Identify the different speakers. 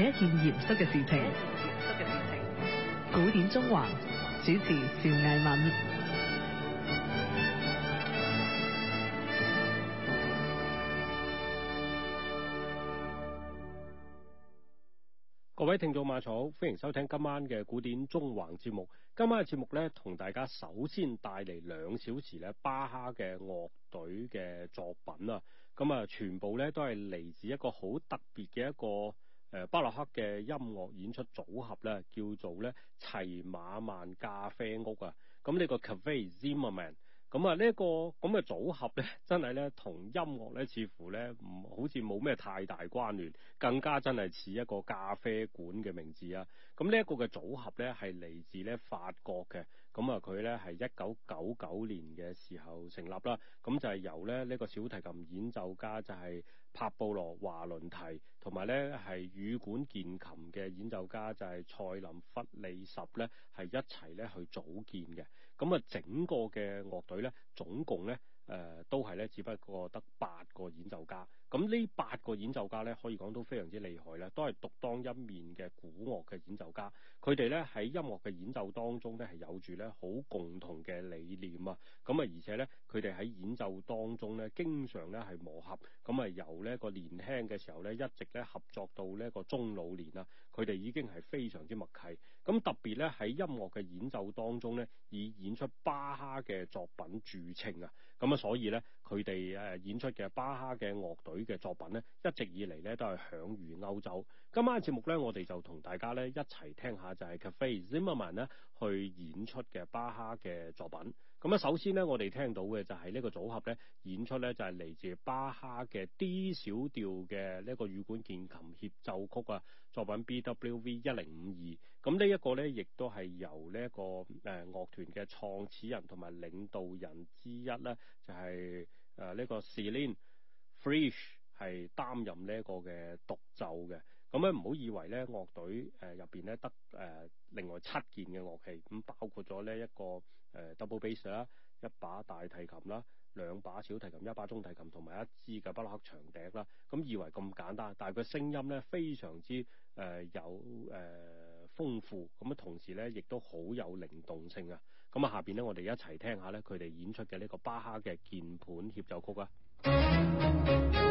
Speaker 1: 係一件嚴肅嘅事情。事情古典縱橫 主持邵藝敏，
Speaker 2: 各位聽眾馬草歡迎收聽今晚嘅古典縱橫節目。今晚嘅節目咧，同大家首先帶嚟兩小時咧巴哈嘅樂隊嘅作品啊。咁啊，全部咧都係嚟自一個好特別嘅一個。誒、呃、巴洛克嘅音樂演出組合咧，叫做咧齊馬曼咖啡屋啊，咁呢個 cafe Zimmerman，咁啊、這、呢一個咁嘅組合咧，真係咧同音樂咧似乎咧唔好似冇咩太大關聯，更加真係似一個咖啡館嘅名字啊，咁呢一個嘅組合咧係嚟自咧法國嘅。咁啊，佢咧係一九九九年嘅時候成立啦。咁就係由咧呢個小提琴演奏家就係帕布羅華倫提，同埋咧係羽管鍵琴嘅演奏家就係塞林弗利什咧，係一齊咧去組建嘅。咁啊，整個嘅樂隊咧，總共咧誒都係咧，只不過得八個演奏家。咁呢八個演奏家咧，可以講都非常之厲害咧，都係獨當一面嘅古樂嘅演奏家。佢哋咧喺音樂嘅演奏當中咧，係有住咧好共同嘅理念啊。咁啊，而且咧，佢哋喺演奏當中咧，經常咧係磨合，咁啊，由咧個年輕嘅時候咧，一直咧合作到咧個中老年啦。佢哋已經係非常之默契。咁特別咧喺音樂嘅演奏當中咧，以演出巴哈嘅作品著稱啊。咁啊，所以咧。佢哋誒演出嘅巴哈嘅樂隊嘅作品咧，一直以嚟咧都係享譽歐洲。今晚嘅節目咧，我哋就同大家咧一齊聽下就係 Cafe Zimmerman 咧去演出嘅巴哈嘅作品。咁咧，首先咧我哋聽到嘅就係呢個組合咧演出咧就係嚟自巴哈嘅 D 小調嘅呢一個羽管鍵琴協奏曲啊，作品 B W V 一零五二。咁呢一個咧亦都係由呢一個誒樂團嘅創始人同埋領導人之一咧就係。誒呢、啊，這個 Celine Frisch 係擔任呢一個嘅獨奏嘅，咁樣唔好以為咧樂隊誒入邊咧得誒、呃、另外七件嘅樂器，咁、嗯、包括咗呢一個誒、呃、double bass 啦，一把大提琴啦，兩把小提琴，一把中提琴，同埋一支嘅巴洛克長笛啦，咁、嗯、以為咁簡單，但係佢聲音咧非常之誒、呃、有誒豐、呃、富，咁、嗯、樣同時咧亦都好有靈動性啊！咁啊，下邊咧，我哋一齊聽下咧，佢哋演出嘅呢個巴哈嘅鍵盤協奏曲啊！